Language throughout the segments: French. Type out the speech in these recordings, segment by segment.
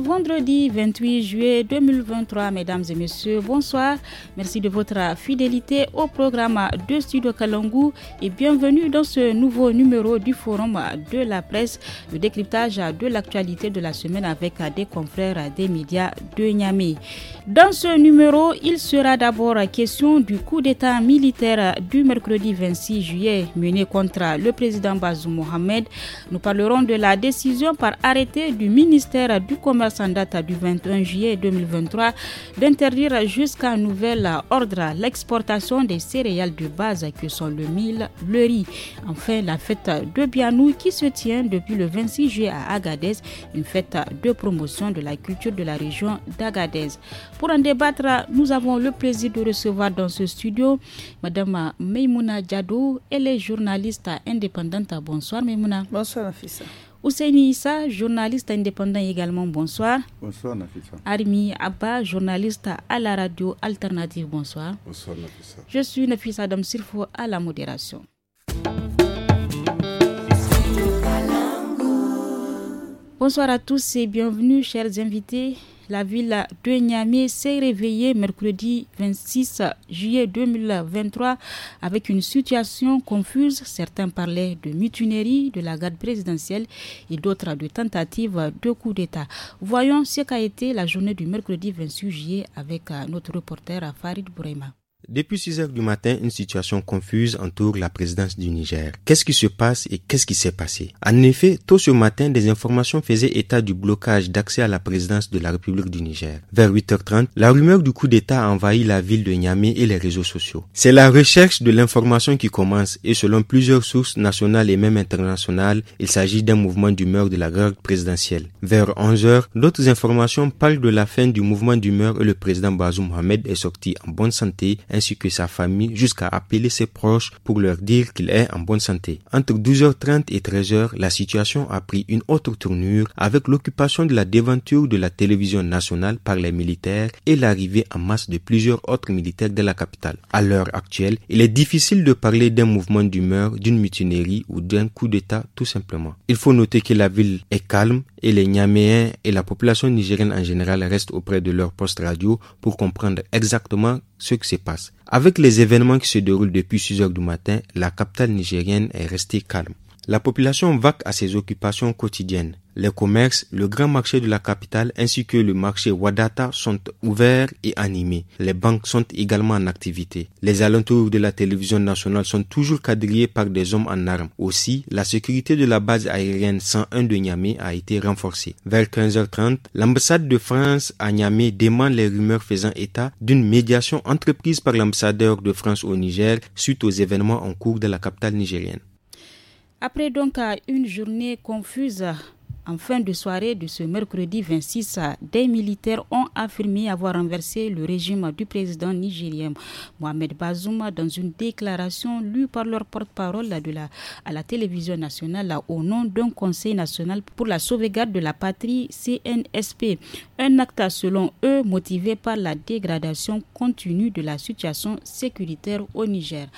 vendredi 28 juillet 2023, mesdames et messieurs. Bonsoir. Merci de votre fidélité au programme de Studio Kalangu et bienvenue dans ce nouveau numéro du Forum de la presse, le décryptage de l'actualité de la semaine avec des confrères des médias de Niamey. Dans ce numéro, il sera d'abord question du coup d'État militaire du mercredi 26 juillet mené contre le président Bazoum Mohamed. Nous parlerons de la décision par arrêté du ministère du commerce en date du 21 juillet 2023 d'interdire jusqu'à nouvel ordre l'exportation des céréales de base que sont le mil, le riz. Enfin, la fête de Bianou qui se tient depuis le 26 juillet à Agadez, une fête de promotion de la culture de la région d'Agadez. Pour en débattre, nous avons le plaisir de recevoir dans ce studio Madame Meimouna Djadou, elle est journaliste indépendante. Bonsoir Meymouna. Bonsoir Nafissa. Ousseini Issa, journaliste indépendant également, bonsoir. Bonsoir Nafisa. Armi Abba, journaliste à la radio alternative, bonsoir. Bonsoir Nafisa. Je suis Nafisa Adam Sirfo à la modération. Bonsoir à tous et bienvenue chers invités. La ville de Niamey s'est réveillée mercredi 26 juillet 2023 avec une situation confuse. Certains parlaient de mutinerie de la garde présidentielle et d'autres de tentatives de coup d'État. Voyons ce qu'a été la journée du mercredi 26 juillet avec euh, notre reporter Farid Bourema. Depuis 6 heures du matin, une situation confuse entoure la présidence du Niger. Qu'est-ce qui se passe et qu'est-ce qui s'est passé En effet, tôt ce matin, des informations faisaient état du blocage d'accès à la présidence de la République du Niger. Vers 8h30, la rumeur du coup d'État envahit la ville de Niamey et les réseaux sociaux. C'est la recherche de l'information qui commence et selon plusieurs sources nationales et même internationales, il s'agit d'un mouvement d'humeur de la garde présidentielle. Vers 11h, d'autres informations parlent de la fin du mouvement d'humeur et le président Bazoum Mohamed est sorti en bonne santé ainsi que sa famille jusqu'à appeler ses proches pour leur dire qu'il est en bonne santé. Entre 12h30 et 13h, la situation a pris une autre tournure avec l'occupation de la déventure de la télévision nationale par les militaires et l'arrivée en masse de plusieurs autres militaires de la capitale. À l'heure actuelle, il est difficile de parler d'un mouvement d'humeur, d'une mutinerie ou d'un coup d'État tout simplement. Il faut noter que la ville est calme et les Niaméens et la population nigérienne en général restent auprès de leur poste radio pour comprendre exactement ce que c'est passe. Avec les événements qui se déroulent depuis 6 heures du matin, la capitale nigérienne est restée calme. La population vaque à ses occupations quotidiennes. Les commerces, le grand marché de la capitale ainsi que le marché Wadata sont ouverts et animés. Les banques sont également en activité. Les alentours de la télévision nationale sont toujours quadrillés par des hommes en armes. Aussi, la sécurité de la base aérienne 101 de Niamey a été renforcée. Vers 15h30, l'ambassade de France à Niamey dément les rumeurs faisant état d'une médiation entreprise par l'ambassadeur de France au Niger suite aux événements en cours de la capitale nigérienne. Après donc euh, une journée confuse en fin de soirée de ce mercredi 26, des militaires ont affirmé avoir renversé le régime du président nigérien Mohamed Bazoum dans une déclaration lue par leur porte-parole à la télévision nationale au nom d'un conseil national pour la sauvegarde de la patrie CNSP. Un acte selon eux motivé par la dégradation continue de la situation sécuritaire au Niger.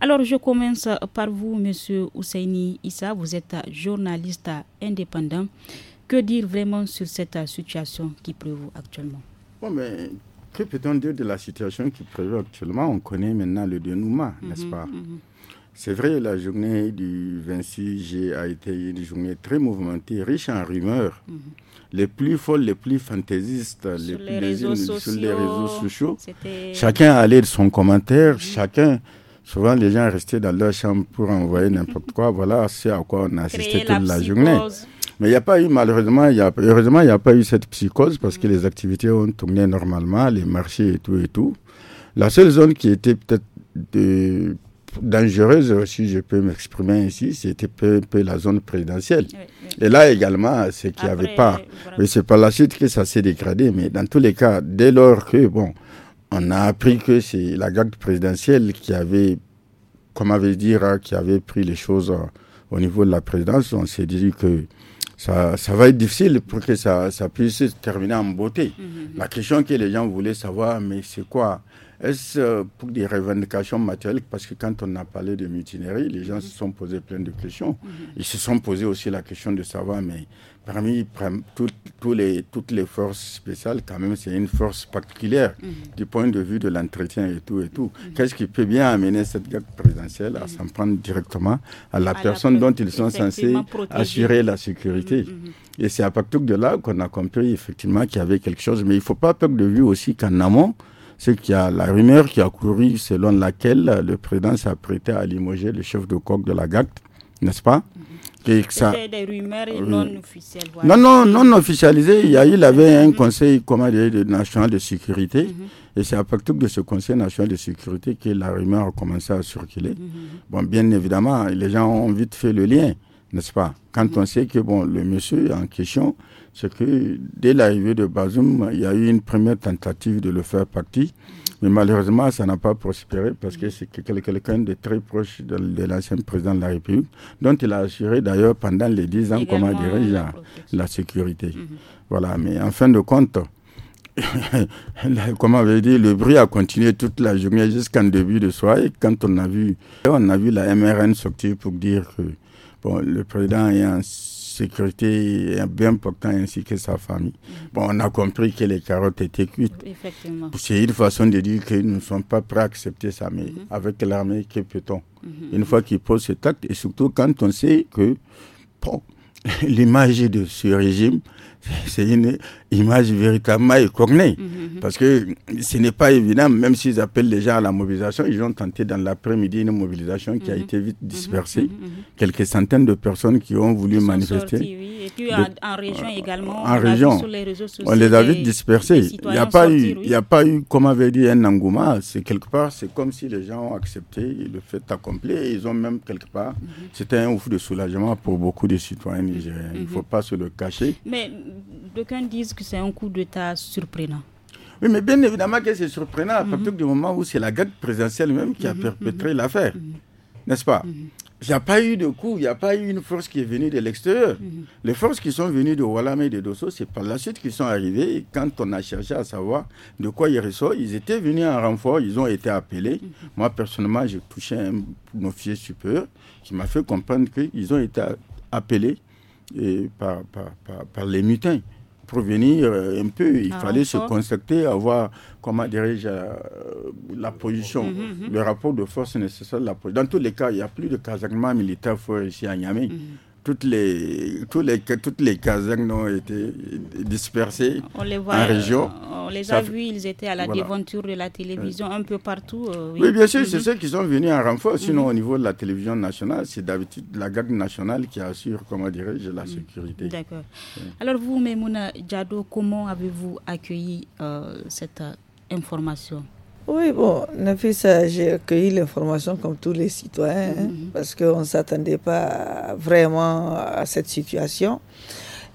Alors, je commence par vous, monsieur Ousseini Issa. Vous êtes journaliste indépendant. Que dire vraiment sur cette situation qui prévaut actuellement bon, mais, Que peut-on dire de la situation qui prévaut actuellement On connaît maintenant le dénouement, mhm, n'est-ce pas mhm. C'est vrai, la journée du 26 juillet a été une journée très mouvementée, riche en rumeurs. Mhm. Les plus folles, les plus fantaisistes, les, plus réseaux sur les réseaux sociaux. Chacun allait de son commentaire, chacun Souvent, les gens restaient dans leur chambre pour envoyer n'importe quoi. Voilà c'est à quoi on assistait toute la, journée. Mais il n'y a pas eu, malheureusement, il heureusement, il n'y a pas eu cette psychose parce que les activités ont tourné normalement, les marchés et tout et tout. La seule zone qui était peut-être dangereuse, si je peux m'exprimer ainsi, c'était peu, peu, la zone présidentielle. Et là également, ce qu'il n'y avait pas. Mais c'est par la suite que ça s'est dégradé. Mais dans tous les cas, dès lors que, bon, on a appris que c'est la garde présidentielle qui avait, comme avait dire, qui avait pris les choses euh, au niveau de la présidence. On s'est dit que ça, ça, va être difficile pour que ça, ça puisse se terminer en beauté. Mhm. La question que les gens voulaient savoir, mais c'est quoi est-ce euh, pour des revendications matérielles Parce que quand on a parlé de mutinerie, les gens se sont posés plein de questions. Mm-hmm. Ils se sont posés aussi la question de savoir, mais parmi les, toutes les forces spéciales, quand même, c'est une force particulière mm-hmm. du point de vue de l'entretien et tout et tout. Mm-hmm. Qu'est-ce qui peut bien amener cette garde présidentielle à s'en prendre directement à la personne dont ils sont censés assurer la sécurité Et c'est à partir de là qu'on a compris effectivement qu'il y avait quelque chose. Mais il ne faut pas perdre de vue aussi qu'en amont, c'est qu'il y a la rumeur qui a couru selon laquelle le président s'apprêtait à limoger le chef de coq de la GACT, n'est-ce pas C'est ça... des rumeurs euh, non officielles. Non, non, non officialisées. Il, y avait un mhm. conseil comment national de sécurité. Mhm. Et c'est à partir de ce conseil national de sécurité que la rumeur a commencé à circuler. Mhm, bon, bien évidemment, les gens ont vite fait le lien, n'est-ce pas Quand on sait que bon, le monsieur en question c'est que dès l'arrivée de Bazoum, il y a eu une première tentative de le faire partie. Mais malheureusement, ça n'a pas prospéré parce que c'est quelqu'un de très proche de, l'ancien président de la République, dont il a assuré d'ailleurs pendant les dix ans, comment dirais euh, la, sécurité. Mhm. Voilà, mais en fin de compte, comment avait dit, le bruit a continué toute la journée jusqu'en début de soirée. Quand on a vu, on a vu la MRN sortir pour dire que bon, le président est en sécurité est bien important ainsi que sa famille. Mm-hmm. Bon, on a compris que les carottes étaient cuites. C'est une façon de dire que nous ne sommes pas prêts à accepter ça, mais mm-hmm. avec l'armée, que peut-on mm-hmm. Une fois qu'il pose cet acte, et surtout quand on sait que l'image de ce régime, c'est une image véritablement écornée. Mhm, mhm. Parce que ce n'est pas évident, même s'ils appellent les gens à la mobilisation, ils ont tenté dans l'après-midi une mobilisation qui a mhm. été vite dispersée. Quelques centaines de personnes qui ont voulu manifester. Et en, région euh, également. on les a vite dispersés. Il n'y a, pas eu, a pas eu, comme avait dit, un engouement. C'est quelque part, c'est comme si les gens ont accepté le fait accompli. Ils ont même quelque part. C'était un ouf de soulagement pour beaucoup de citoyens nigériens. Il ne faut pas se le cacher. Mais d'aucuns disent que c'est un coup d'État surprenant. Oui, mais bien évidemment que c'est surprenant à mhm. partir du moment où c'est la garde présidentielle même qui a mhm. perpétré mhm. l'affaire. N'est-ce pas il n'y a pas eu de coup, il n'y a pas eu une force qui est venue de l'extérieur. Les forces qui sont venues de Walam et de Dosso, c'est par la suite qu'ils sont arrivés. quand on a cherché à savoir de quoi ils ressortent, ils étaient venus en renfort, ils ont été appelés. Moi, personnellement, j'ai touché un officier supérieur qui m'a fait comprendre qu'ils ont été appelés et par, les mutins. Pour venir euh, un peu, il fallait se constater, avoir, comment dirais euh, la position, mm-hmm, mm-hmm. le rapport de force nécessaire. dans tous les cas, il n'y a plus de casernement militaire fort ici à Niamey. Mm-hmm toutes les, toutes les, toutes les casernes ont été dispersées les en euh, région. On les a vus, ils étaient à la déventure de la télévision un peu partout. Euh, oui. bien sûr, c'est ceux qui sont venus en renfort. Sinon, au niveau de la télévision nationale, c'est d'habitude la garde nationale qui assure, comment dirais la mm. sécurité. D'accord. Alors, vous, Memouna Djado, comment avez-vous accueilli euh, cette information oui, bon, ça, j'ai accueilli l'information comme tous les citoyens, hein, mhm. parce qu'on ne s'attendait pas vraiment à cette situation.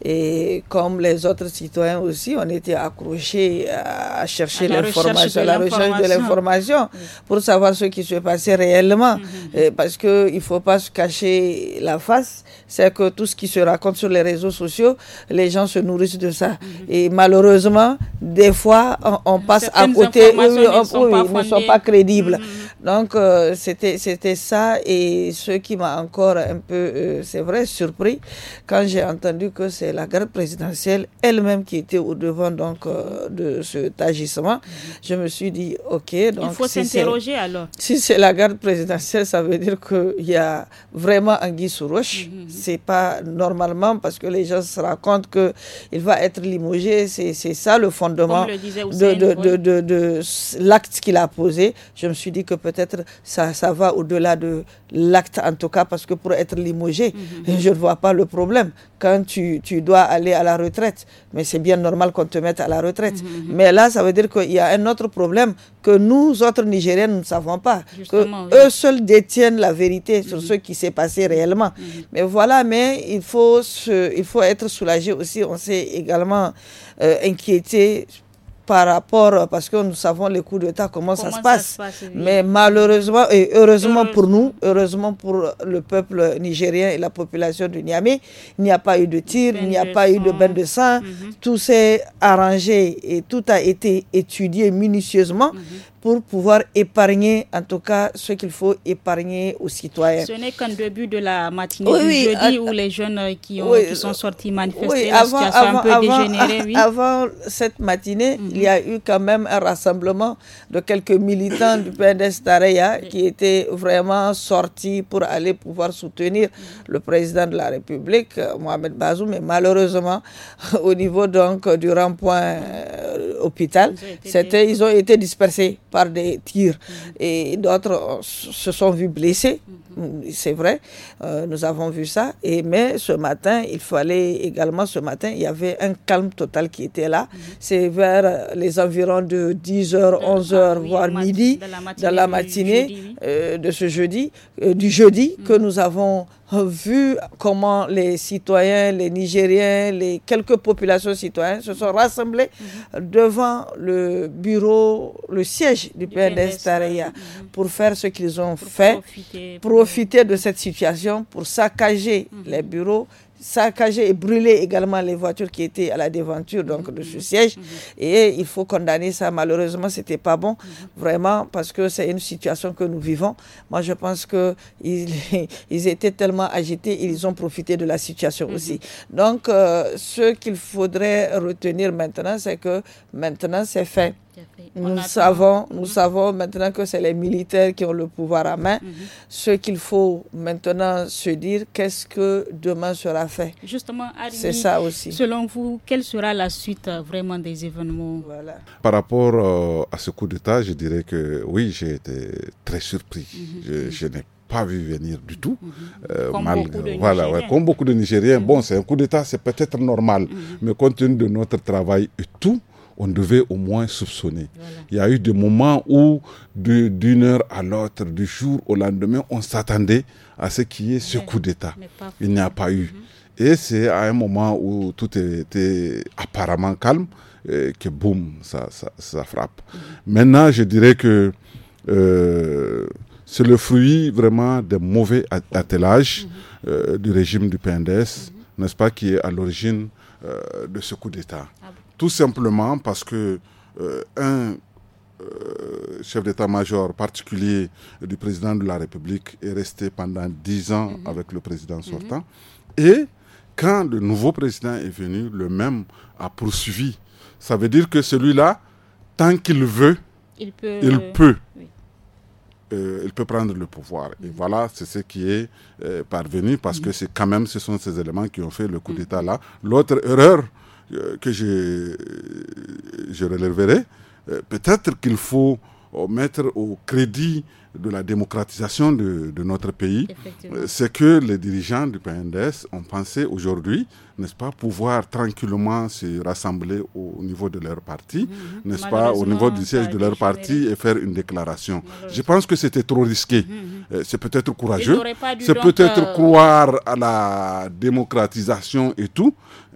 Et comme les autres citoyens aussi, on était accrochés à chercher l'information, la recherche de l'information, pour savoir ce qui se passait réellement. Mm-hmm. Euh, parce qu'il ne faut pas se cacher la face, c'est que tout ce qui se raconte sur les réseaux sociaux, les gens se nourrissent de ça. Mm-hmm. Et malheureusement, des fois, on, passe à côté, oui, on, ne sont pas crédibles. Mm-hmm. Donc euh, c'était c'était ça et ce qui m'a encore un peu euh, c'est vrai surpris quand j'ai entendu que c'est la garde présidentielle elle-même qui était au devant donc euh, de cet agissement. Je me suis dit OK donc il faut s'interroger alors. Si c'est la garde présidentielle ça veut dire qu'il y a vraiment anguille sous roche. Mm-hmm, mm-hmm. C'est pas normalement parce que les gens se rendent compte que il va être limogé c'est ça le fondement de, de, de, de, l'acte qu'il a posé. Je me suis dit que peut peut-être ça, ça va au-delà de l'acte, en tout cas, parce que pour être limogé, mhm. je ne vois pas le problème. Quand tu, dois aller à la retraite, mais c'est bien normal qu'on te mette à la retraite. Mhm, mhm. Mais là, ça veut dire qu'il y a un autre problème que nous autres Nigériens, ne savons pas. que Eux seuls détiennent la vérité sur ce qui s'est passé réellement. Mais voilà, mais il faut, il faut être soulagé aussi. On s'est également euh, inquiété par rapport, parce que nous savons les coups d'État, comment, comment, ça se passe. Mais malheureusement, et heureusement pour nous, heureusement pour le peuple nigérien et la population du Niamey, il n'y a pas eu de tir, il n'y a ben pas eu de bain de sang. Mhm. Tout s'est arrangé et tout a été étudié minutieusement. Mhm pour pouvoir épargner, en tout cas, ce qu'il faut épargner aux citoyens. Ce n'est qu'en début de la matinée jeudi où les jeunes qui, sont sortis manifester, avant, un peu dégénérés. Avant cette matinée, mhm. il y a eu quand même un rassemblement de quelques militants du PNDS Tareya qui étaient vraiment sortis pour aller pouvoir soutenir mhm. le président de la République, euh, Mohamed Bazoum. Mais malheureusement, au niveau donc du rond-point euh, hôpital, ils ont été dispersés par des tirs. Mhm. Et d'autres euh, se sont vus blessés, mhm. mm, c'est vrai. Euh, nous avons vu ça. Et, mais ce matin, il fallait également, ce matin, il y avait un calme total qui était là. Mhm. C'est vers les environs de 10h, ah 11h, voire midi, dans la matinée, de, la matinée, euh, ce jeudi, du jeudi, que nous avons euh, vu comment les citoyens, les Nigériens, les quelques populations citoyennes se sont rassemblées mhm. devant le bureau, le siège du, du PNS mhm. pour faire ce qu'ils ont fait, profiter, de cette situation pour saccager mhm. les bureaux, saccagé et brûlé également les voitures qui étaient à la devanture donc de ce siège. Et il faut condamner ça. Malheureusement, c'était pas bon, vraiment, parce que c'est une situation que nous vivons. Moi, je pense que ils, ils étaient tellement agités, ils ont profité de la situation mhm. aussi. Donc, euh, ce qu'il faudrait retenir maintenant, c'est que maintenant c'est fait. Nous savons, nous mm-hmm. savons maintenant que c'est les militaires qui ont le pouvoir à main. Mm-hmm. Ce qu'il faut maintenant se dire, qu'est-ce que demain sera fait Justement, c'est ça aussi. Selon vous, quelle sera la suite euh, vraiment des événements voilà. Par rapport euh, à ce coup d'État, je dirais que oui, j'ai été très surpris. Mm-hmm. Je, n'ai pas vu venir du tout. Euh, comme, beaucoup de voilà, comme beaucoup de Nigériens, bon, c'est un coup d'État, c'est peut-être normal, mais compte tenu de notre travail et tout, on devait au moins soupçonner. Il y a eu des moments où, d'une heure à l'autre, du jour au lendemain, on s'attendait à ce qu'il y ait ce coup d'État. Il n'y a pas eu. Mhm. Et c'est à un moment où tout était apparemment calme que boum, ça, ça, frappe. Mhm. Maintenant, je dirais que euh, c'est le fruit vraiment des mauvais attelage mhm. euh, du régime du PNDS, n'est-ce pas, qui est à l'origine euh, de ce coup d'État. Ah tout simplement parce que euh, un euh, chef d'état-major particulier du président de la République est resté pendant dix ans mhm. avec le président mhm. sortant. Et quand le nouveau président est venu, le même a poursuivi. Ça veut dire que celui-là, tant qu'il veut, il peut, il euh, peut, prendre le pouvoir. Et mhm. voilà, c'est ce qui est parvenu parce que c'est quand même ce sont ces éléments qui ont fait le coup d'État là. L'autre erreur euh, que je, je relèverai, euh, peut-être qu'il faut euh, mettre au crédit de la démocratisation de, notre pays, c'est que les dirigeants du PNDS ont pensé aujourd'hui, n'est-ce pas, pouvoir tranquillement se rassembler au niveau de leur parti, mhm. n'est-ce pas, au niveau du siège de leur parti et faire une déclaration. Je pense que c'était trop risqué. Mhm. C'est peut-être courageux, c'est peut-être croire à la démocratisation et tout,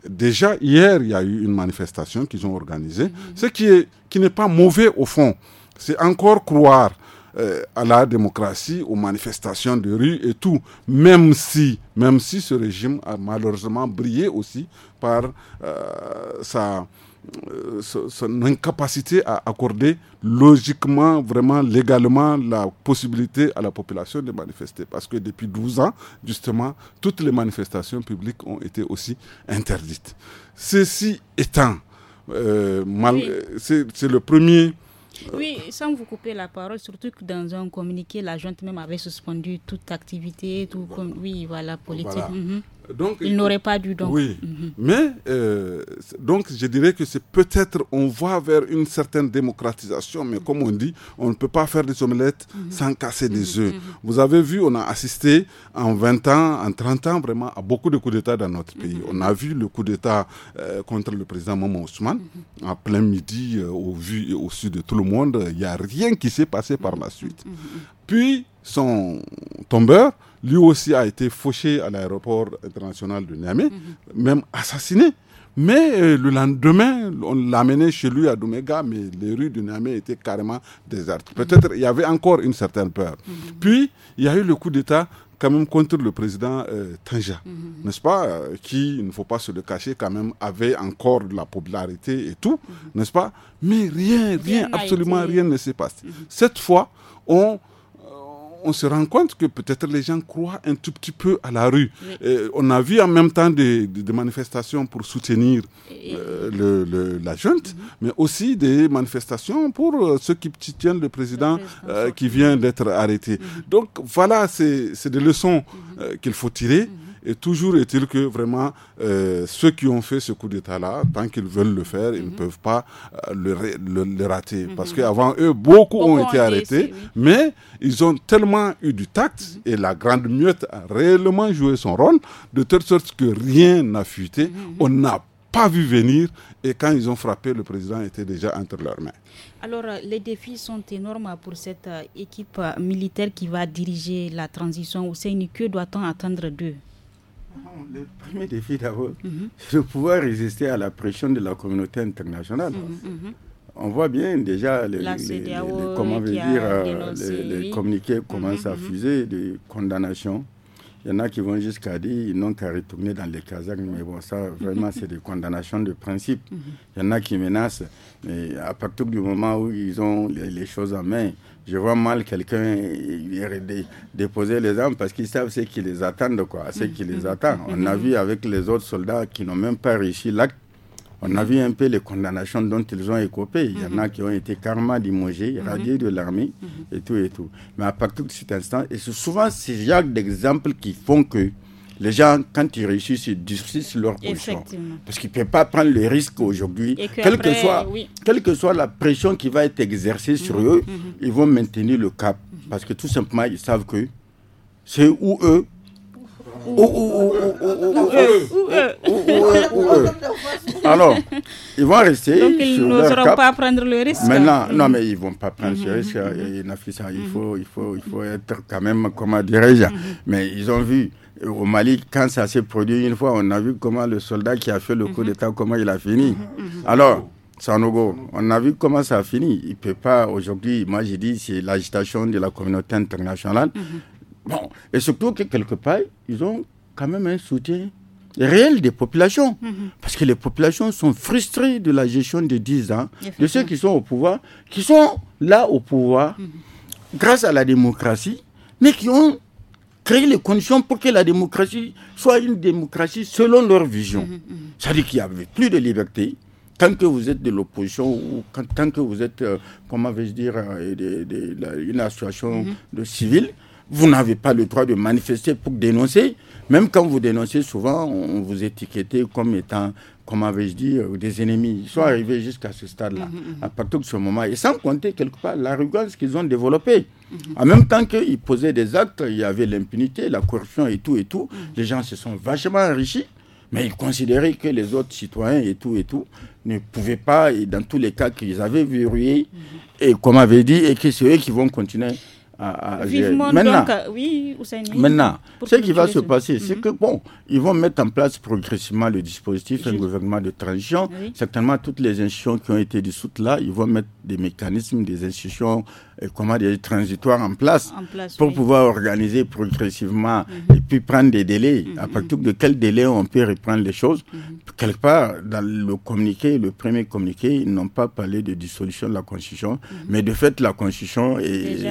déjà hier, il y a eu une manifestation qu'ils ont organisée, mhm. ce qui qui n'est pas mauvais au fond. C'est encore croire euh, à la démocratie, aux manifestations de rue et tout, même si, même si ce régime a malheureusement brillé aussi par euh, sa son incapacité à accorder logiquement, vraiment légalement, la possibilité à la population de manifester. Parce que depuis 12 ans, justement, toutes les manifestations publiques ont été aussi interdites. Ceci étant, euh, c'est le premier euh, oui, sans vous couper la parole, surtout que dans un communiqué, la junte même avait suspendu toute activité, tout oui, voilà, politique. Mhm. Donc, il n'aurait pas dû donc. Oui, mhm. mais euh, donc je dirais que c'est peut-être on va vers une certaine démocratisation, mais comme on dit, on ne peut pas faire des omelettes mhm. sans casser des mhm. œufs. Vous avez vu, on a assisté en 20 ans, en 30 ans vraiment à beaucoup de coups d'État dans notre pays. On a vu le coup d'État euh, contre le président Maman Ousmane à plein midi euh, au vu et au sud de tout le monde. Il n'y a rien qui s'est passé par la suite. Puis son tombeur lui aussi a été fauché à l'aéroport international de Niamey, mhm. même assassiné. Mais euh, le lendemain, on l'a amené chez lui à Domega, mais les rues de Niamey étaient carrément désertes. Peut-être il y avait encore une certaine peur. Mhm. Puis, il y a eu le coup d'État quand même contre le président euh, Tanja, mhm. n'est-ce pas euh, Qui, il ne faut pas se le cacher, quand même avait encore de la popularité et tout, n'est-ce pas Mais rien, rien, absolument rien ne s'est passé. Cette fois, on on se rend compte que peut-être les gens croient un tout petit peu à la rue. Euh, on a vu en même temps des, manifestations pour soutenir euh, la junte, mhm. mais aussi des manifestations pour euh, ceux qui tiennent le président, qui vient d'être arrêté. Mhm. Donc voilà, c'est des leçons mhm. qu'il faut tirer. Et toujours est-il que vraiment, euh, ceux qui ont fait ce coup d'État-là, tant qu'ils veulent le faire, ils ne mhm. peuvent pas euh, le, rater. Mhm. Parce qu'avant eux, beaucoup, ont été arrêtés, mais ils ont tellement eu du tact mhm. et la grande muette a réellement joué son rôle, de telle sorte que rien n'a fuité. On n'a pas vu venir et quand ils ont frappé, le président était déjà entre leurs mains. Alors, euh, les défis sont énormes pour cette équipe militaire qui va diriger la transition. au Seigneur, que doit-on attendre d'eux Le premier défi d'abord, c'est de pouvoir résister à la pression de la communauté internationale. Mhm, mhm. On voit bien déjà les, comment dire, euh, les, communiqués commencent mhm, à fuser de condamnations. Il y en a qui vont jusqu'à dire qu'ils n'ont qu'à retourner dans les casernes, mais bon, ça, vraiment, c'est des condamnations de principe. Il y en a qui menacent, mais à partir du moment où ils ont les, choses en main, je vois mal quelqu'un déposer les armes parce qu'ils savent ce qui les attend, quoi, ce qui les mm-hmm. attend. On a mm-hmm. vu avec les autres soldats qui n'ont même pas réussi l'acte, on a vu un peu les condamnations dont ils ont écopé. Il y en a mm-hmm. qui ont été karma dimogés, radiés de l'armée et tout et tout. Mais à partir de cet instant, et c'est souvent ces genres d'exemples qui font que les gens, quand ils réussissent, ils durcissent leur position. Parce qu'ils ne peuvent pas prendre le risque aujourd'hui. quelle, que soit, quelle que soit la pression qui va être exercée sur mhm. eux, mhm. ils vont maintenir le cap. Parce que tout simplement, ils savent que c'est ou eux alors, ils vont rester. Donc, ils n'oseront pas prendre le risque. Maintenant, non, mais ils ne vont pas prendre mhm. ce risque. Il hein. faut, il, faut, il faut être quand même, comment dirais-je. Mais ils ont vu au Mali, quand ça s'est produit une fois, on a vu comment le soldat qui a fait le coup mhm. d'État, comment il a fini. Mhm. Mhm. Alors, Sanogo, on a vu comment ça a fini. Il peut pas, aujourd'hui, moi j'ai dit, c'est l'agitation de la communauté internationale. Bon, et surtout que quelque part, ils ont quand même un soutien réel des populations. Parce que les populations sont frustrées de la gestion de 10 ans, de ceux qui sont au pouvoir, qui sont là au pouvoir grâce à la démocratie, mais qui ont créer les conditions pour que la démocratie soit une démocratie selon leur vision. Mmh, mmh, mmh. C'est-à-dire qu'il n'y avait plus de liberté, tant que vous êtes de l'opposition ou tant que vous êtes, euh, comment vais-je dire, euh, une association de civile, vous n'avez pas le droit de manifester pour dénoncer. Même quand vous dénoncez, souvent, on vous étiquette comme étant comment vais-je dire, euh, des ennemis. Ils sont mm. arrivés jusqu'à ce stade-là, mm, mm, à partir de ce moment. Et sans compter, quelque part, la qu'ils ont développée. En même temps qu'ils posaient des actes, il y avait l'impunité, la corruption et tout, et tout. Les gens se sont vachement enrichis, mais ils considéraient que les autres citoyens et tout, et tout, ne pouvaient pas, et dans tous les cas qu'ils avaient verrouillés, et comme avait dit, et que c'est eux qui vont continuer Maintenant, maintenant ce qui va se passer, c'est mhm. que, bon, ils vont mettre en place progressivement le dispositif, gouvernement de transition. Certainement, toutes les institutions qui ont été dissoutes là, ils vont mettre des mécanismes, des institutions, euh, comment dire, transitoires en place, pour pouvoir organiser progressivement mhm. et puis prendre des délais. À mhm. partir de quel délai on peut reprendre les choses Quelque part, dans le communiqué, le premier communiqué, ils n'ont pas parlé de dissolution de la Constitution, mais de fait, la Constitution est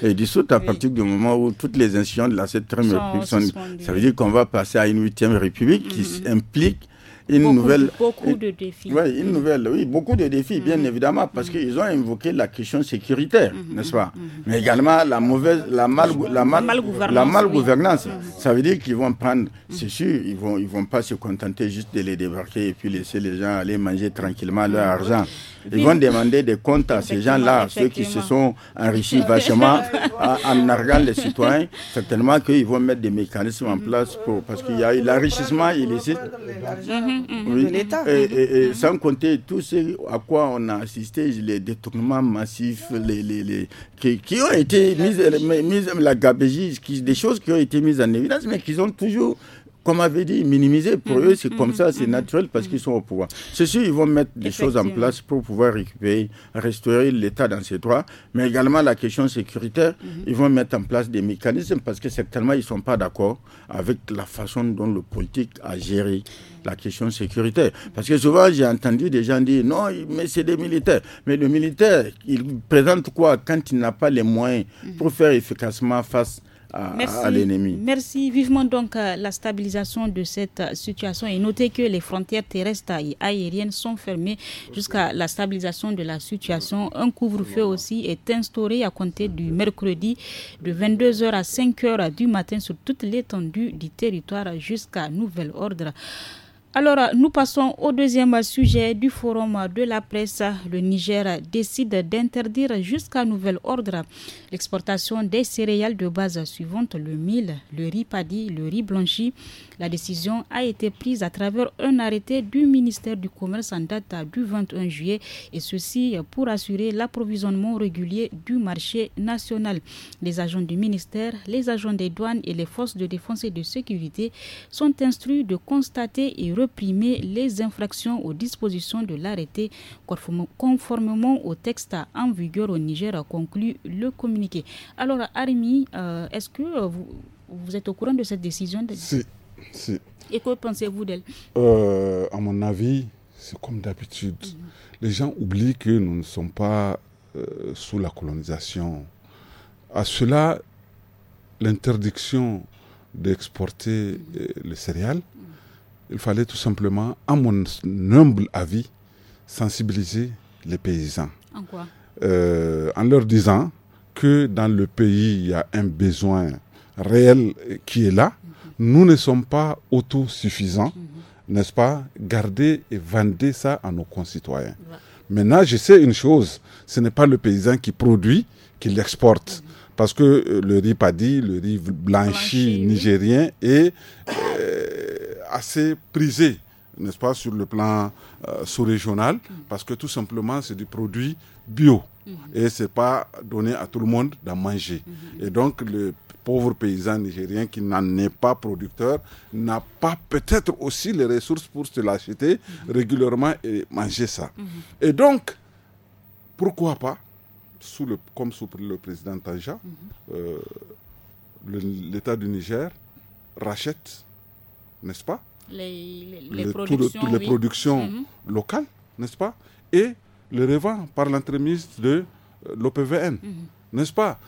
et du dissoute à partir du moment où toutes les institutions de la 7 République sont. Ça veut dire qu'on va passer à une 8 République qui implique une beaucoup, nouvelle. Beaucoup de défis. une mm. nouvelle, oui, beaucoup de défis, bien mm. évidemment, parce mm. qu'ils ont invoqué la question sécuritaire, mm-hmm. n'est-ce pas mm-hmm. Mais également la mauvaise, la mal, la mal, gouvernance. Mm-hmm. Ça veut dire qu'ils vont prendre, c'est sûr, ils vont, ils vont pas se contenter juste de les débarquer et puis laisser les gens aller manger tranquillement leur argent. Ils vont demander des comptes à ces gens-là, ceux qui se sont enrichis vachement en narguant les citoyens. Certainement qu'ils vont mettre des mécanismes en place pour, parce qu'il y a eu l'enrichissement illicite. Mhm, mhm. sans compter tout ce à quoi on a assisté, les détournements massifs, les, qui, ont été mis, la gabégie, des choses qui ont été mises en évidence, mais qui ont toujours comme avait dit, minimiser. Pour eux, mm-hmm. c'est comme ça, c'est mm-hmm. naturel parce qu'ils sont au pouvoir. Ceci, ils vont mettre des choses en place pour pouvoir récupérer, restaurer l'État dans ses droits. Mais également, la question sécuritaire, mm-hmm. ils vont mettre en place des mécanismes parce que certainement, ils ne sont pas d'accord avec la façon dont le politique a géré la question sécuritaire. Parce que souvent, j'ai entendu des gens dire non, mais c'est des militaires. Mais le militaire, il présente quoi quand il n'a pas les moyens pour faire efficacement face Merci vivement donc euh, la stabilisation de cette euh, situation et notez que les frontières terrestres et aériennes sont fermées jusqu'à la stabilisation de la situation. Un couvre-feu aussi est instauré à compter du mercredi de 22h à 5h du matin sur toute l'étendue du territoire jusqu'à nouvel ordre. Alors, nous passons au deuxième sujet du forum de la presse. Le Niger décide d'interdire jusqu'à nouvel ordre l'exportation des céréales de base suivantes, le mil, le riz paddy, le riz blanchi. La décision a été prise à travers un arrêté du ministère du Commerce en date du 21 juillet, et ceci pour assurer l'approvisionnement régulier du marché national. Les agents du ministère, les agents des douanes et les forces de défense et de sécurité sont instruits de constater et Primer les infractions aux dispositions de l'arrêté conformément au texte en vigueur au Niger, a conclu le communiqué. Alors, Arimi, euh, est-ce que vous, êtes au courant de cette décision de... Si, Et que pensez-vous d'elle euh, À mon avis, c'est comme d'habitude. Mhm. Les gens oublient que nous ne sommes pas euh, sous la colonisation. À cela, l'interdiction d'exporter mhm. les céréales il fallait tout simplement, à mon humble avis, sensibiliser les paysans. En quoi euh, En leur disant que dans le pays, il y a un besoin réel qui est là. Mhm. Nous ne sommes pas autosuffisants, mhm. n'est-ce pas Garder et vendre ça à nos concitoyens. Maintenant, je sais une chose, ce n'est pas le paysan qui produit, qui l'exporte. Mhm. Parce que euh, le riz paddy, le riz blanchi, blanchi nigérien est euh, assez prisé n'est-ce pas, sur le plan euh, sous-régional, parce que tout simplement, c'est du produit bio. Mhm. Et ce n'est pas donné à tout le monde d'en manger. Mhm. Et donc, le pauvre paysan nigérien qui n'en est pas producteur n'a pas peut-être aussi les ressources pour se l'acheter mhm. régulièrement et manger ça. Et donc, pourquoi pas, sous le, comme sous le président Tanja, euh, l'État du Niger rachète n'est-ce pas les, les, productions, mhm. locales, n'est-ce pas Et le revend par l'entremise de euh, l'OPVN, mhm. n'est-ce pas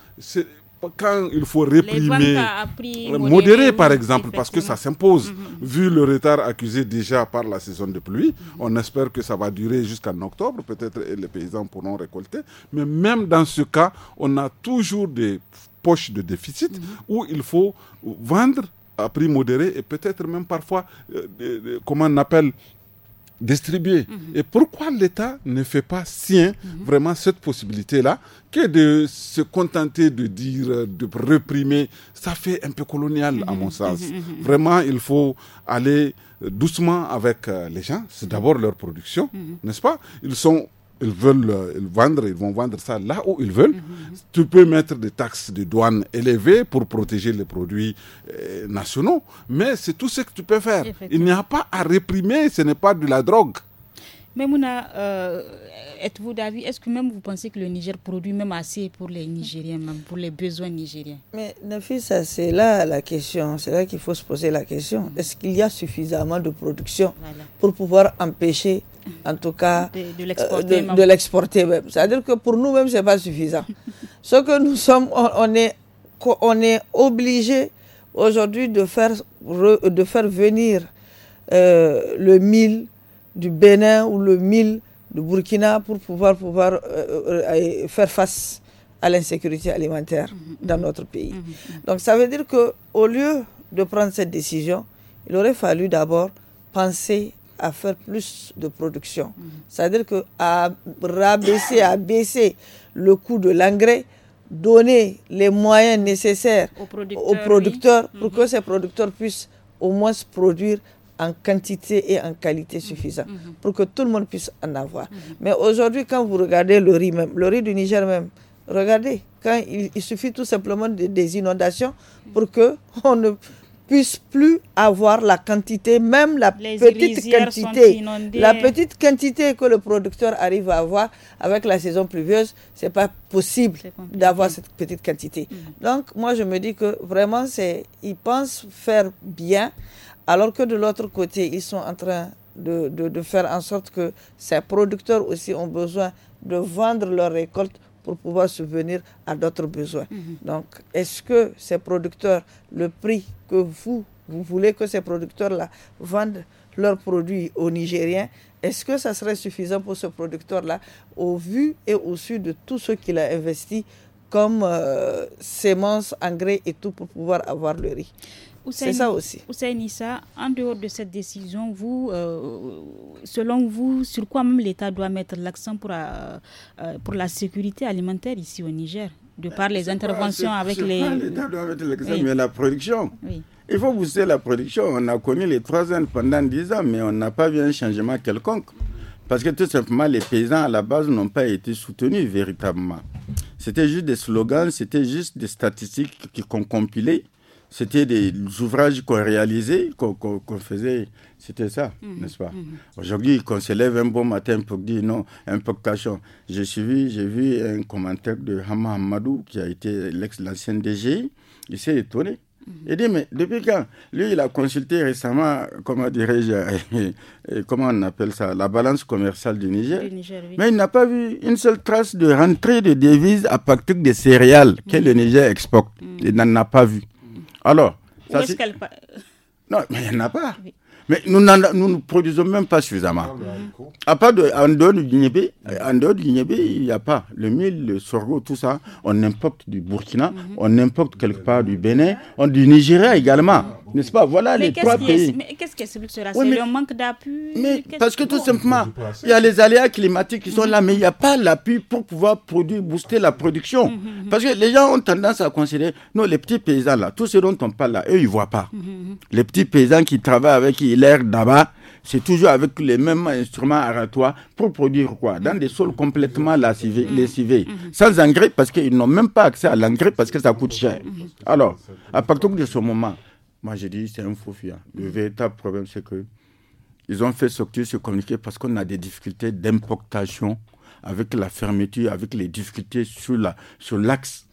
quand il faut réprimer, euh, modérer, par exemple, parce que ça s'impose. Mhm, Vu le retard accusé déjà par la saison de pluie, on espère que ça va durer jusqu'en octobre, peut-être les paysans pourront récolter. Mais même dans ce cas, on a toujours des poches de déficit où il faut vendre à prix modéré et peut-être même parfois, euh, comment on appelle, distribué. Mhm. Et pourquoi l'État ne fait pas sien mhm. vraiment cette possibilité-là que de se contenter de dire, de réprimer Ça fait un peu colonial à mon mhm. sens. Vraiment, il faut aller euh, doucement avec euh, les gens. C'est d'abord leur production, n'est-ce pas Ils sont ils veulent euh, ils vendre, ils vont vendre ça là où ils veulent. Mhm. Tu peux mettre des taxes de douane élevées pour protéger les produits euh, nationaux, mais c'est tout ce que tu peux faire. Il n'y a pas à réprimer, ce n'est pas de la drogue. Mais euh, êtes-vous d'avis Est-ce que même vous pensez que le Niger produit même assez pour les Nigériens, même pour les besoins nigériens Mais Nafisa, c'est là la question. C'est là qu'il faut se poser la question. Mm-hmm. Est-ce qu'il y a suffisamment de production pour pouvoir empêcher, en tout cas, de, de l'exporter euh, même C'est-à-dire que pour nous-mêmes, ce n'est pas suffisant. Ce que nous sommes, on, est, on est obligé aujourd'hui de faire, de faire venir euh, le mille du Bénin ou le mil du Burkina pour pouvoir, pouvoir euh, euh, euh, faire face à l'insécurité alimentaire mhm, mhm. dans notre pays. Mhm, Donc ça veut dire que au lieu de prendre cette décision, il aurait fallu d'abord penser à faire plus de production. C'est-à-dire que à rabaisser, à baisser le coût de l'engrais, donner les moyens nécessaires aux producteurs, pour que ces producteurs puissent au moins se produire en quantité et en qualité mhm. suffisante mhm. pour que tout le monde puisse en avoir. Mhm. Mais aujourd'hui, quand vous regardez le riz même, le riz du Niger même, regardez, quand il, suffit tout simplement de, des inondations pour que on ne puisse plus avoir la quantité, même la petite quantité. La petite quantité que le producteur arrive à avoir avec la saison pluvieuse, c'est pas possible d'avoir cette petite quantité. Donc, moi, je me dis que vraiment, c'est, ils pensent faire bien alors que de l'autre côté, ils sont en train de, faire en sorte que ces producteurs aussi ont besoin de vendre leurs récoltes pour pouvoir subvenir à d'autres besoins. Mhm. Donc, est-ce que ces producteurs, le prix que vous, vous voulez que ces producteurs-là vendent leurs produits aux Nigériens, est-ce que ça serait suffisant pour ce producteur-là au vu et au su de tout ce qu'il a investi comme euh, semences, engrais et tout pour pouvoir avoir le riz c'est ça aussi. en dehors de cette décision, vous, euh, selon vous, sur quoi même l'État doit mettre l'accent pour, euh, euh, pour la sécurité alimentaire ici au Niger De par les interventions avec les. L'État doit mettre l'accent, mais la production. Oui. Il faut booster la production. On a connu les trois ans pendant dix ans, mais on n'a pas vu un changement quelconque. Parce que tout simplement, les paysans à la base n'ont pas été soutenus véritablement. C'était juste des slogans, c'était juste des statistiques qu'on compilait c'était des ouvrages qu'on réalisait, qu'on faisait. C'était ça, mhm. n'est-ce pas mhm. Aujourd'hui, qu'on se lève un bon matin pour dire non, un peu cachant, J'ai suivi, j'ai vu un commentaire de Hama Hamadou, qui a été l'ex-l'ancien DG. Il s'est étonné. Mhm. Il dit, mais depuis quand Lui, il a consulté récemment, comment dirais-je, comment on appelle ça, la balance commerciale du Niger. Mais il n'a pas vu une seule trace de rentrée de devises à partir des céréales que le Niger exporte. Il n'en a pas vu. Alors, ça, Non, mais il n'y en a pas. Mais nous, nous ne produisons même pas suffisamment. à part de, en dehors du Guinébé, euh, en dehors du Guinébé, il n'y a pas. Le mil, le sorgho, tout ça, on importe du Burkina, mhm. on importe quelque part du Bénin, on, du Nigeria également. N'est-ce pas Voilà les trois mais qu'est-ce qui cela C'est le manque d'appui parce que tout simplement, il y a les aléas climatiques qui sont mhm. là, mais il n'y a pas l'appui pour pouvoir produire, booster la production. Mhm, mhm, parce que les gens ont tendance à considérer, non, les petits paysans là, tous ceux dont on parle là, eux, ils ne voient pas. Les petits paysans qui travaillent avec l'air là-bas, c'est toujours avec les mêmes instruments aratoires pour produire quoi Dans des sols complètement lessivés, sans engrais parce qu'ils n'ont même pas accès à l'engrais parce que ça coûte cher. Alors, à partir de ce moment, moi, j'ai dit, c'est un faux fiat. Le véritable problème, c'est que ils ont fait sortir ce communiqué parce qu'on a des difficultés d'importation avec la fermeture, avec les difficultés sur l'axe la, sur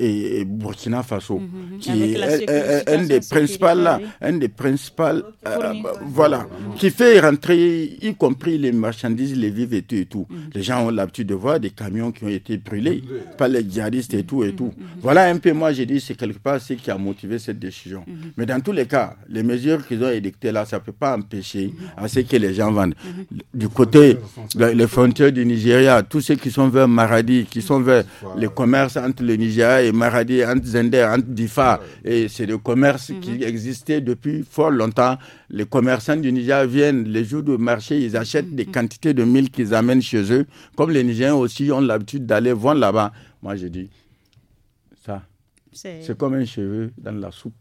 et, Burkina Faso, mhm. qui est un, des principales, un des principales, euh, voilà, qui fait rentrer, y compris les marchandises, les vivres et tout mhm. Les gens ont l'habitude de voir des camions qui ont été brûlés par les djihadistes et tout et mhm. tout. Voilà un peu, moi, j'ai dit, c'est quelque part ce qui a motivé cette décision. Mais dans tous les cas, les mesures qu'ils ont édictées là, ça ne peut pas empêcher à ce que les gens vendent. Du côté, les, frontières du Nigeria, tous ceux qui sont vers Maradi, qui sont vers les commerces entre le Nigeria et Maradi, entre Zender, Et c'est le commerce mhm. qui existait depuis fort longtemps. Les commerçants du Niger viennent les jours de marché, ils achètent des mhm. quantités de mille qu'ils amènent chez eux. Comme les Nigériens aussi ont l'habitude d'aller vendre là-bas. Moi, je dis ça, c'est comme un cheveu dans la soupe.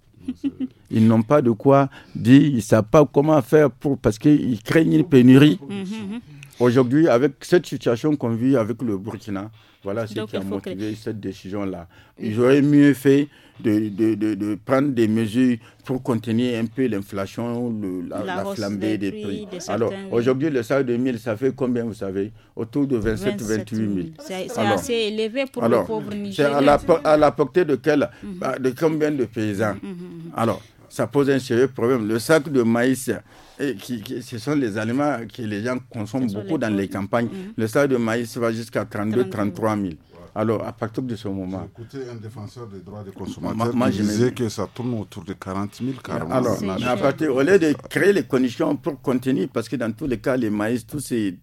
Ils n'ont pas de quoi dire, ils ne savent pas comment faire pour, parce qu'ils craignent une pénurie. Mhm. Aujourd'hui, avec cette situation qu'on vit avec le Burkina, voilà ce qui a motivé cette décision-là. Ils auraient mieux fait de, de, de, prendre des mesures pour contenir un peu l'inflation, la, flambée des prix. Alors, aujourd'hui, le salaire de 1000, ça fait combien, vous savez Autour de 27, 28 000. C'est assez élevé pour le pauvre Niger. C'est à la, à la portée de, quel, mhm. bah, de combien de paysans mhm, mhm, Alors, ça pose un sérieux problème. Le sac de maïs, et ce sont les aliments que les gens consomment beaucoup dans les campagnes. Mm. Le sac de maïs va jusqu'à 32, 33 000. Alors, à partir de ce moment. Écoutez, un défenseur des droits des consommateurs disait que ça tourne autour de 40 000 000. Alors, à partir, au lieu de créer les conditions pour contenir, parce que dans tous les cas, les maïs, tous ces,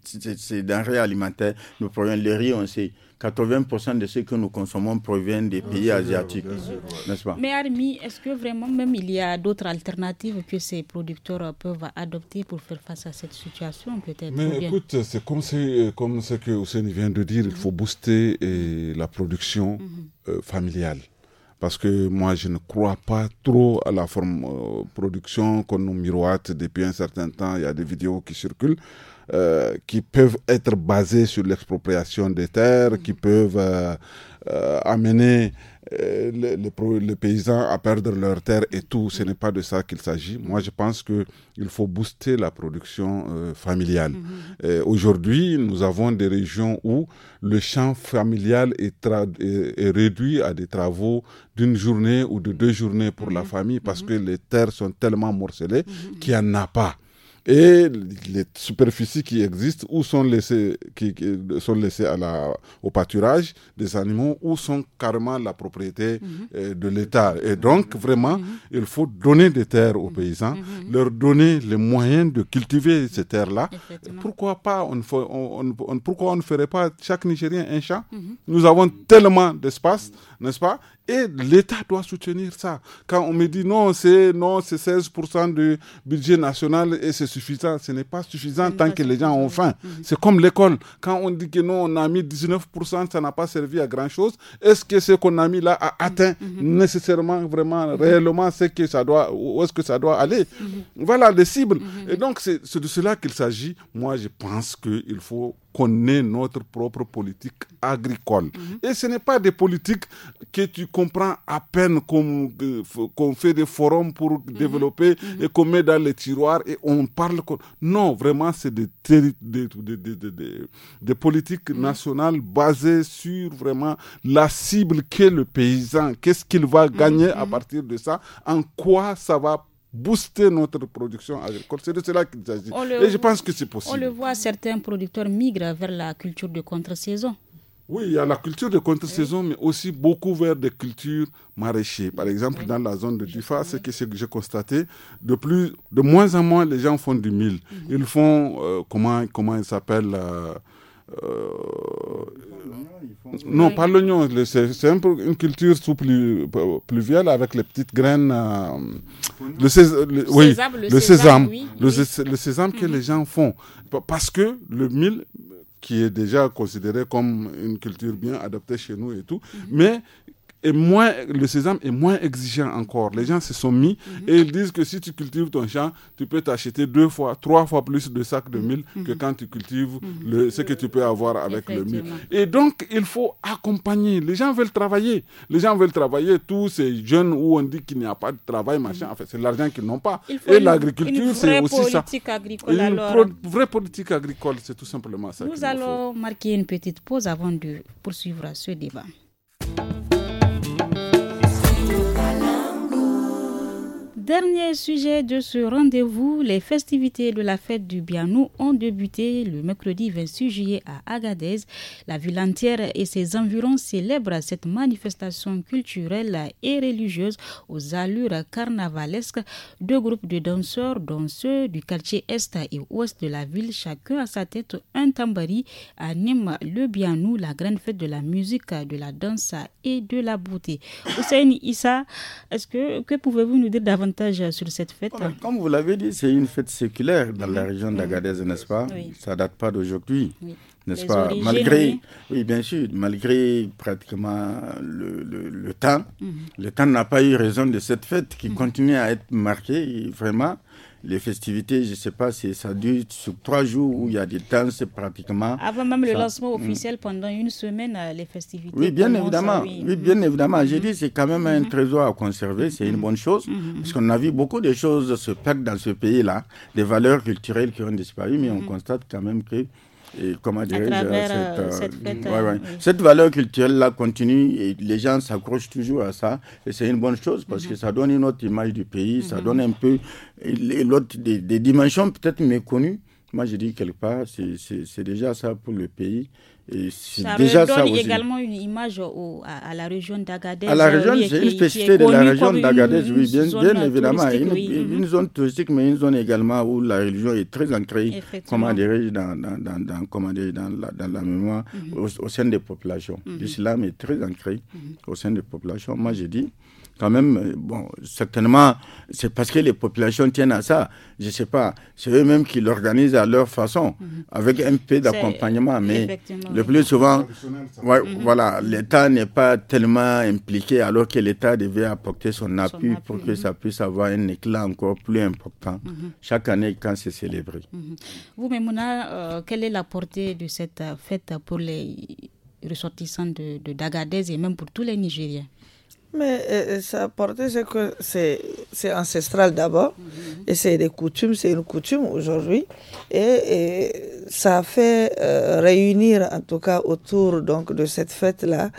denrées alimentaires, nous prenons le riz, on sait. 80% de ce que nous consommons provient des ah, pays asiatiques, n'est-ce pas Mais Armi, est-ce que vraiment même il y a d'autres alternatives que ces producteurs peuvent adopter pour faire face à cette situation peut-être Mais écoute, c'est comme, comme ce que Hussein vient de dire, il faut mhm. booster la production mhm. euh, familiale parce que moi je ne crois pas trop à la forme euh, production qu'on nous miroite depuis un certain temps. Il y a des vidéos qui circulent. Euh, qui peuvent être basées sur l'expropriation des terres, qui mhm. peuvent euh, euh, amener les, paysans à perdre leurs terres et tout. Ce n'est pas de ça qu'il s'agit. Moi, je pense qu'il faut booster la production familiale. Mhm. Aujourd'hui, nous avons des régions où le champ familial est, réduit à des travaux d'une journée ou de deux journées pour la mhm. famille parce que les terres sont tellement morcelées qu'il n'y en a pas et les superficies qui existent ou sont laissées, qui, sont laissées à la, au pâturage des animaux ou sont carrément la propriété mhm. euh, de l'État. Et mhm. donc, vraiment, mhm. il faut donner des terres aux paysans, leur donner les moyens de cultiver ces terres-là. Pourquoi pas, on, pourquoi on ne ferait pas chaque Nigérien un chat Nous avons tellement d'espace, n'est-ce pas et l'État doit soutenir ça. Quand on me dit non, c'est non, c'est 16% du budget national et c'est suffisant, ce n'est pas suffisant tant que les gens ont faim. Mhm. C'est comme l'école. Quand on dit que non, on a mis 19%, ça n'a pas servi à grand chose. Est-ce que ce qu'on a mis là a atteint mhm. Mhm. nécessairement, vraiment, réellement, ce que ça doit, où est-ce que ça doit aller Voilà les cibles. Et donc c'est de cela qu'il s'agit. Moi, je pense qu'il faut qu'on ait notre propre politique agricole. Mhm. Et ce n'est pas des politiques que tu comprends à peine euh, qu'on fait des forums pour mhm. développer mhm. et qu'on met dans les tiroirs et on parle. Non, vraiment, c'est des, des, des, politiques nationales basées sur vraiment la cible qu'est le paysan, qu'est-ce qu'il va gagner à partir de ça, en quoi ça va booster notre production agricole. C'est de cela qu'il s'agit. Et je pense que c'est possible. On le voit, certains producteurs migrent vers la culture de contre-saison. Oui, il y a la culture de contre-saison, mais aussi beaucoup vers des cultures maraîchères. Par exemple, dans la zone de Dufa, c'est ce que j'ai constaté, de plus, de moins en moins, les gens font du mil. Mhm. Ils font, euh, comment, comment il s'appelle euh, euh, non, pas l'oignon, c'est une culture sous plu, pluviale avec les petites graines. Euh, le, sésame, le, sésame, oui, le, le, sésame que mhm. les gens font. Parce que le mil, qui est déjà considéré comme une culture bien adaptée chez nous et tout, mhm. mais et moins, le sésame est moins exigeant encore. Les gens se sont mis mhm. et ils disent que si tu cultives ton champ, tu peux t'acheter deux fois, trois fois plus de sacs de mil mhm. que quand tu cultives mhm. le, ce que tu peux avoir avec le mil. Et donc, il faut accompagner. Les gens veulent travailler. Les gens veulent travailler. Tous ces jeunes où on dit qu'il n'y a pas de travail, machin, en fait, c'est l'argent qu'ils n'ont pas. Et l'agriculture, c'est aussi ça. Agricole, une vraie politique agricole, c'est tout simplement ça. Nous allons marquer une petite pause avant de poursuivre ce débat. Dernier sujet de ce rendez-vous, les festivités de la fête du Bianou ont débuté le mercredi 26 juillet à Agadez. La ville entière et ses environs célèbrent cette manifestation culturelle et religieuse aux allures carnavalesques. Deux groupes de danseurs, ceux du quartier est et ouest de la ville, chacun à sa tête un tambari, animent le Bianou, la grande fête de la musique, de la danse et de la beauté. Hussein Issa, est-ce que, que pouvez-vous nous dire davantage sur cette fête Comme vous l'avez dit, c'est une fête séculaire dans la mm-hmm. région d'Agadez, mm-hmm. n'est-ce pas Ça date pas d'aujourd'hui. n'est-ce pas Malgré, oui. bien sûr, malgré pratiquement le, le, temps, mm-hmm. le temps n'a pas eu raison de cette fête qui continue à être marquée vraiment les festivités, je ne sais pas, si ça dure sur trois jours où il y a des c'est pratiquement. Avant même le lancement hmm. officiel, pendant une semaine, euh, les festivités. Oui, bien évidemment. oui. bien évidemment. Je dis, J'ai mhm. dit, c'est quand même un mhm. trésor à conserver, c'est une mhm. bonne chose, parce qu'on a vu beaucoup de choses se perdre dans ce pays-là, des valeurs culturelles qui ont disparu, mais on constate quand même que et comment dire cette, euh, euh, euh, cette, valeur culturelle-là continue et les gens s'accrochent toujours à ça. Et c'est une bonne chose parce que mhm. ça donne une autre image du pays, ça mhm. donne un peu l'autre, des, des dimensions peut-être méconnues. Moi, je dis quelque part, c'est déjà ça pour le pays ça déjà également une image à, la région d'Agadez. À la région, c'est euh, une spécificité de la région d'Agadez, bien, évidemment. Une, zone touristique, mais une zone également où la religion est très ancrée, comment dirais dans, dans, dans, dans, la, mémoire mhm. au, sein des populations. Mhm. L'islam est très ancré mhm. au sein des populations. Moi, j'ai dit, quand même, euh, bon, certainement, c'est parce que les populations tiennent à ça. Je ne sais pas. C'est eux-mêmes qui l'organisent à leur façon, mhm. avec un peu d'accompagnement. Mais le plus souvent, mhm. voilà, l'État n'est pas tellement impliqué alors que l'État devait apporter son, appui, pour que mhm. ça puisse avoir un éclat encore plus important chaque année quand c'est célébré. Vous, Memouna, euh, quelle est la portée de cette euh, fête pour les ressortissants de, de Dagadez et même pour tous les Nigériens mais eh, eh, ça portée, c'est que c'est ancestral d'abord, mhm. et c'est des coutumes, c'est une coutume aujourd'hui, et, ça fait euh, réunir, en tout cas autour donc de cette fête-là,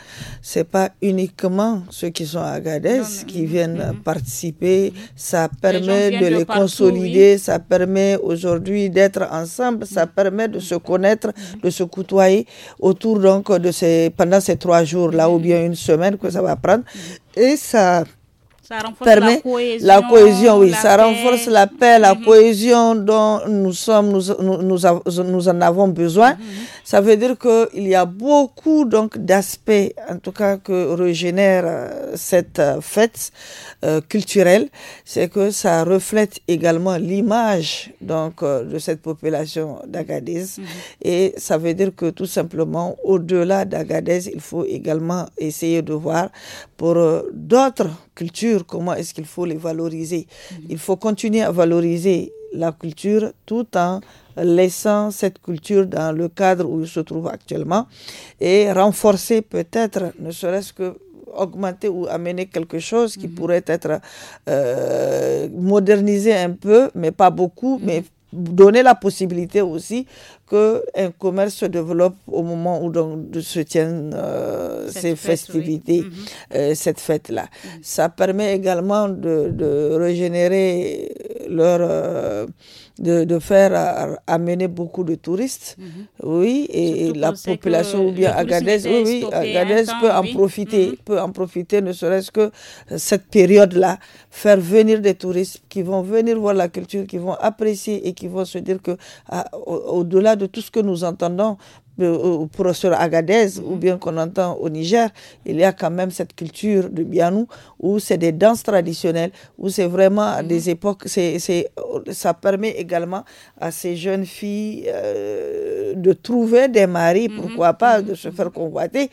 c'est pas uniquement ceux qui sont à Agadez qui viennent mhm. participer, mhm. ça permet de les consolider, ça permet aujourd'hui d'être ensemble, ça permet de se connaître, de se côtoyer autour donc de ces, pendant ces trois jours-là, ou bien une semaine que ça va prendre. esa Ça renforce permet la cohésion, la cohésion oui, ça renforce la paix, la mhm. cohésion dont nous sommes, nous, nous, nous en avons besoin. Mhm. Ça veut dire qu'il y a beaucoup donc d'aspects, en tout cas que régénère euh, cette euh, fête euh, culturelle, c'est que ça reflète également l'image donc de cette population d'Agadez, mhm. et ça veut dire que tout simplement au-delà d'Agadez, il faut également essayer de voir pour d'autres culture, comment est-ce qu'il faut les valoriser. Il faut continuer à valoriser la culture tout en laissant cette culture dans le cadre où il se trouve actuellement et renforcer peut-être, ne serait-ce que augmenter ou amener quelque chose qui mhm. pourrait être euh, modernisé un peu, mais pas beaucoup, mhm. mais donner la possibilité aussi qu'un commerce se développe au moment où donc se tiennent euh, ces festivités, mhm. euh, cette fête-là. Mhm. Ça permet également de, régénérer leur, euh, de, faire amener beaucoup de touristes, mhm. oui, et, la population ou bien Agadez, oui, oui, peut en profiter, peut en profiter, ne serait-ce que cette période-là, faire venir des touristes qui vont venir voir la culture, qui vont apprécier et qui vont se dire que ah, au-delà au delà de tout ce que nous entendons au euh, euh, sur Agadez ou mhm. bien qu'on entend au Niger, il y a quand même cette culture de Bianou où c'est des danses traditionnelles, où c'est vraiment mhm. des époques, c'est, c'est, ça permet également à ces jeunes filles euh, de trouver des maris, mhm. pourquoi pas, de se faire convoiter.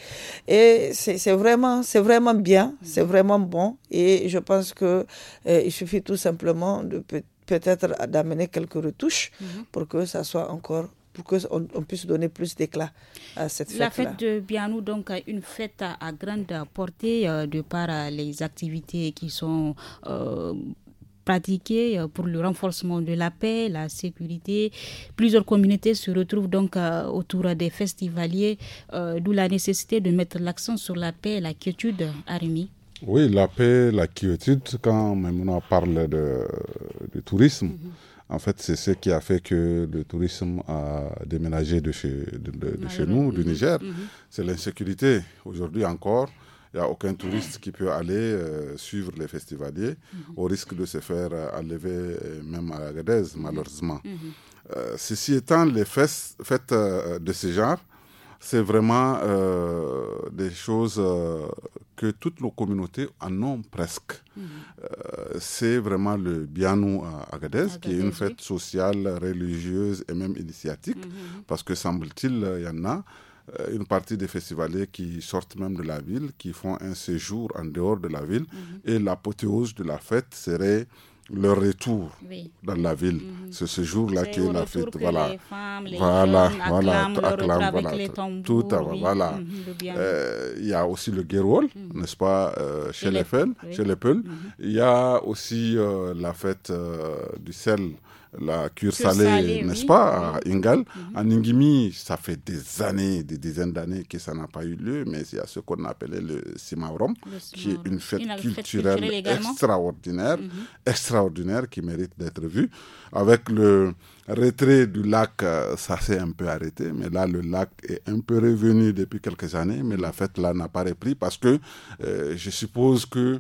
Et c'est, c'est vraiment, c'est vraiment bien, c'est vraiment bon. Et je pense que il suffit tout simplement de peut- être d'amener quelques retouches pour que ça soit encore pour qu'on puisse donner plus d'éclat à cette fête. -là. La fête de Bianou, donc, une fête à, grande portée euh, de par euh, les activités qui sont euh, pratiquées pour le renforcement de la paix, la sécurité. Plusieurs communautés se retrouvent donc autour des festivaliers, d'où la nécessité de mettre l'accent sur la paix et la quiétude, Arimi. Oui, la paix, la quiétude, quand même on parle de, de tourisme. Mhm. En fait, c'est ce qui a fait que le tourisme a déménagé de chez, de, chez nous, du Niger. Mhm. Mhm. C'est l'insécurité. Aujourd'hui encore, il n'y a aucun touriste qui peut aller euh, suivre les festivaliers mhm. au risque de se faire euh, enlever, euh, même à Agadez, malheureusement. ceci étant, les fêtes de ce genre c'est vraiment euh, des choses euh, que toutes nos communautés en ont presque. Mhm. Euh, c'est vraiment le Bianou à Agadez, qui est une fête sociale, religieuse et même initiatique, mhm, mhm. parce que semble-t-il, il y en a une partie des festivaliers qui sortent même de la ville, qui font un séjour en dehors de la ville, et l'apothéose de la fête serait le retour dans la ville. Mhm. C'est ce jour-là est la fête. Voilà. voilà, voilà, tout à voilà. il y a aussi le guérol, mhm. n'est-ce pas, euh, chez, les, chez les mhm. Il y a aussi euh, la fête euh, du sel la cure, salée, n'est-ce pas, à Ingal. à mhm. ça fait des années, des dizaines d'années que ça n'a pas eu lieu, mais il y a ce qu'on appelait le Simaurom, qui est une fête culturelle, extraordinaire, mhm. extraordinaire, qui mérite d'être vue. Avec le retrait du lac, euh, ça s'est un peu arrêté, mais là, le lac est un peu revenu depuis quelques années, mais la fête, là, n'a pas repris parce que euh, je suppose que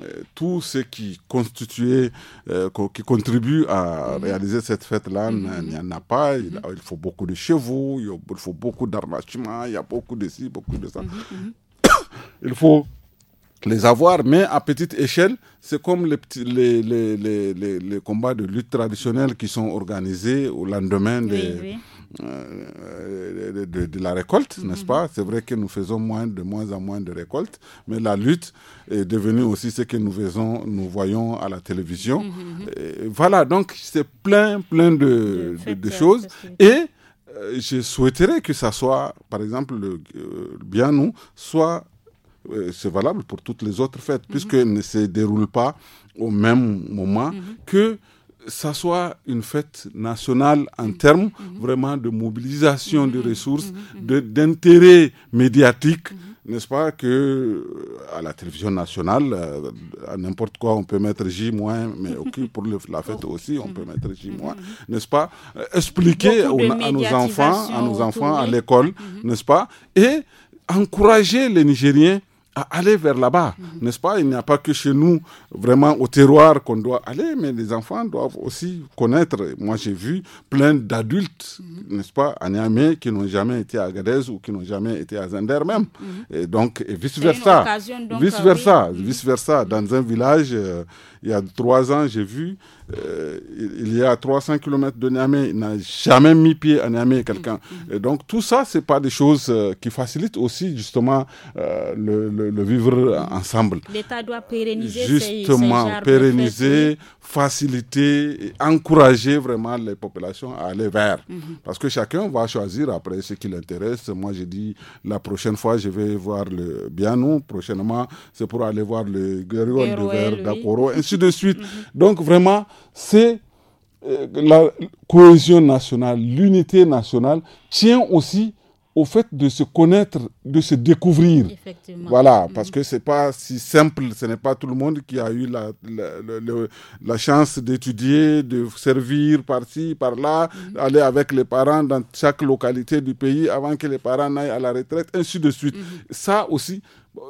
euh, tout ce qui constituait, euh, qui contribue à mhm. réaliser cette fête-là, il mhm. n'y en a pas. Il, mhm. faut beaucoup de chevaux, il faut beaucoup d'armatures, il y a beaucoup de ci, beaucoup de ça. Il faut les avoir, mais à petite échelle, c'est comme les, les, combats de lutte traditionnels qui sont organisés au lendemain euh, de, la récolte, n'est-ce mhm. pas C'est vrai que nous faisons moins, de moins en moins de récoltes, mais la lutte est devenue aussi ce que nous, faisons, nous voyons à la télévision. Mhm, mhm. voilà, donc c'est plein, plein de, euh, choses. Et euh, je souhaiterais que ça soit, par exemple, le, bien nous, soit euh, c'est valable pour toutes les autres fêtes, puisque puisqu'elles ne se déroulent pas au même moment, que ça soit une fête nationale en termes vraiment de mobilisation de ressources, d'intérêt médiatique n'est-ce pas, que euh, à la télévision nationale, euh, à n'importe quoi, on peut mettre J-, mais pour la fête aussi, on peut mettre J-, n'est-ce pas, expliquer à nos enfants, à nos enfants, à l'école, n'est-ce pas, et encourager les Nigériens à aller vers là-bas, mhm. n'est-ce pas Il n'y a pas que chez nous, vraiment au terroir qu'on doit aller, mais les enfants doivent aussi connaître. Moi, j'ai vu plein d'adultes, mhm. n'est-ce pas, à qui n'ont jamais été à Gadez ou qui n'ont jamais été à Zender même. Mhm. Et donc, vice-versa. Vice-versa, euh, vice-versa. Dans un village, euh, il y a trois ans, j'ai vu euh, il y a 300 km de Niamey, il n'a jamais mis pied à Niamey, quelqu'un. Mm, mm. Et donc tout ça, c'est pas des choses euh, qui facilitent aussi justement euh, le, vivre ensemble. L'État doit pérenniser justement pérenniser, faciliter, et encourager vraiment les populations à aller vers, mm-hmm. parce que chacun va choisir après ce qui l'intéresse. Moi, j'ai dit la prochaine fois, je vais voir le Bianou, prochainement, c'est pour aller voir le Guerriol de Vers d'Akoro, ainsi de suite. Mm-hmm. Donc vraiment c'est euh, la cohésion nationale, l'unité nationale tient aussi au fait de se connaître, de se découvrir. Voilà, mm-hmm. parce que c'est pas si simple, ce n'est pas tout le monde qui a eu la, chance d'étudier, de servir par-ci, par-là, mm-hmm. aller avec les parents dans chaque localité du pays avant que les parents n'aillent à la retraite, ainsi de suite. Mm-hmm. Ça aussi,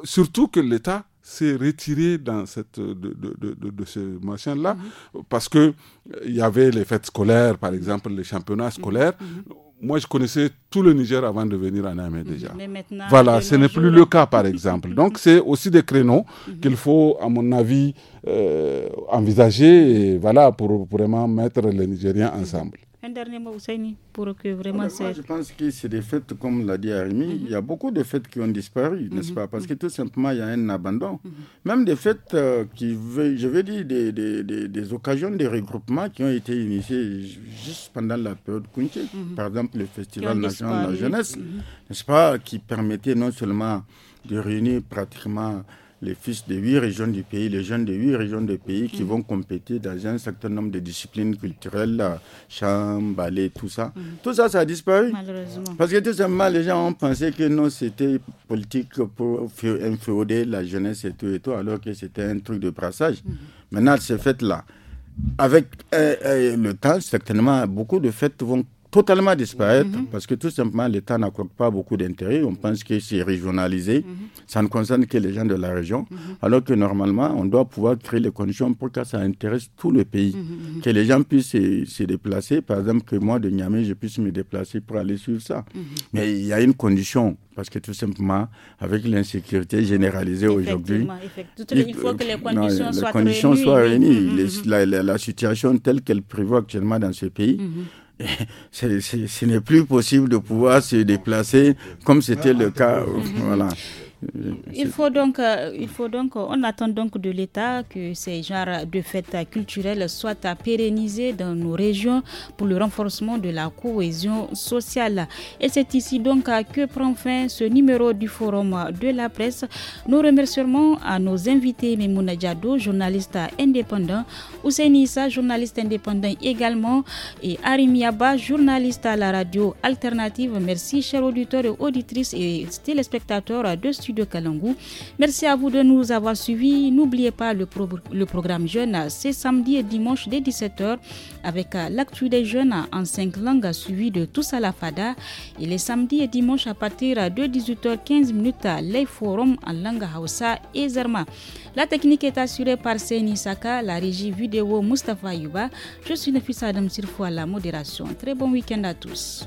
surtout que l'État s'est retiré dans cette, de, de, de, de ce machin-là, mhm. parce que euh, il y avait les fêtes scolaires, par exemple, les championnats mhm. scolaires. Mhm. Moi, je connaissais tout le Niger avant de venir en Amé déjà. voilà, ce n'est plus le cas, par exemple. Donc, c'est aussi des créneaux qu'il faut, à mon avis, euh, envisager voilà, pour, pour vraiment mettre les Nigériens ensemble. Un dernier mot, pour que vraiment c'est. Je pense que c'est des fêtes, comme l'a dit Arimi, mhm. il y a beaucoup de fêtes qui ont disparu, n'est-ce mhm. pas Parce que mhm. tout simplement, il y a un abandon. Même des fêtes euh, qui, je veux dire, des, des, occasions de regroupement qui ont été initiées juste pendant la période Kunche. Par exemple, le Festival national de la jeunesse, n'est-ce pas Qui permettait non seulement de réunir pratiquement les fils de huit régions du pays, les jeunes de huit régions du pays qui vont compéter dans un certain nombre de disciplines culturelles, euh, chant, ballet, tout ça. Mm. Tout ça, ça a disparu. Malheureusement. Parce que tout simplement, les gens ont pensé que non, c'était politique pour inféoder la jeunesse et tout et tout, alors que c'était un truc de brassage. Mm. Maintenant, ces fêtes-là, avec euh, euh, le temps, certainement, beaucoup de fêtes vont totalement disparaître mhm. parce que tout simplement l'État n'accorde pas beaucoup d'intérêt. On pense que c'est régionalisé, mhm. ça ne concerne que les gens de la région, mhm. alors que normalement on doit pouvoir créer les conditions pour que ça intéresse tout le pays, que les gens puissent se, déplacer. Par exemple, que moi de Niamey, je puisse me déplacer pour aller suivre ça. Mais il y a une condition parce que tout simplement, avec l'insécurité généralisée aujourd'hui, il faut que les conditions, soient, réunies. la, situation telle qu'elle prévoit actuellement dans ce pays, ce n'est plus possible de pouvoir se déplacer comme c'était le cas. Ah, voilà. Euh, il faut donc, euh, il faut donc, on attend donc de l'État que ces genres de fêtes culturelles soient pérennisées dans nos régions pour le renforcement de la cohésion sociale. Et c'est ici donc que prend fin ce numéro du Forum de la presse. Nous remercions à nos invités Memouna Diado, journaliste indépendant, Oussé Nissa, journaliste indépendant également, et Arim journaliste à la radio alternative. Merci, chers auditeurs et auditrices et téléspectateurs de Studio de Kalangou. Merci à vous de nous avoir suivis. N'oubliez pas le, programme Jeunes, c'est samedi et dimanche dès 17h avec euh, l'actu des jeunes en cinq langues suivi de Tous à la Fada. Et les samedis et dimanches à partir de 18h15, les forum en langue Hausa et Zerma. La technique est assurée par Seni Saka, la régie vidéo Mustafa Yuba. Je suis Nefissa Adam Sirfou à la modération. Très bon week-end à tous.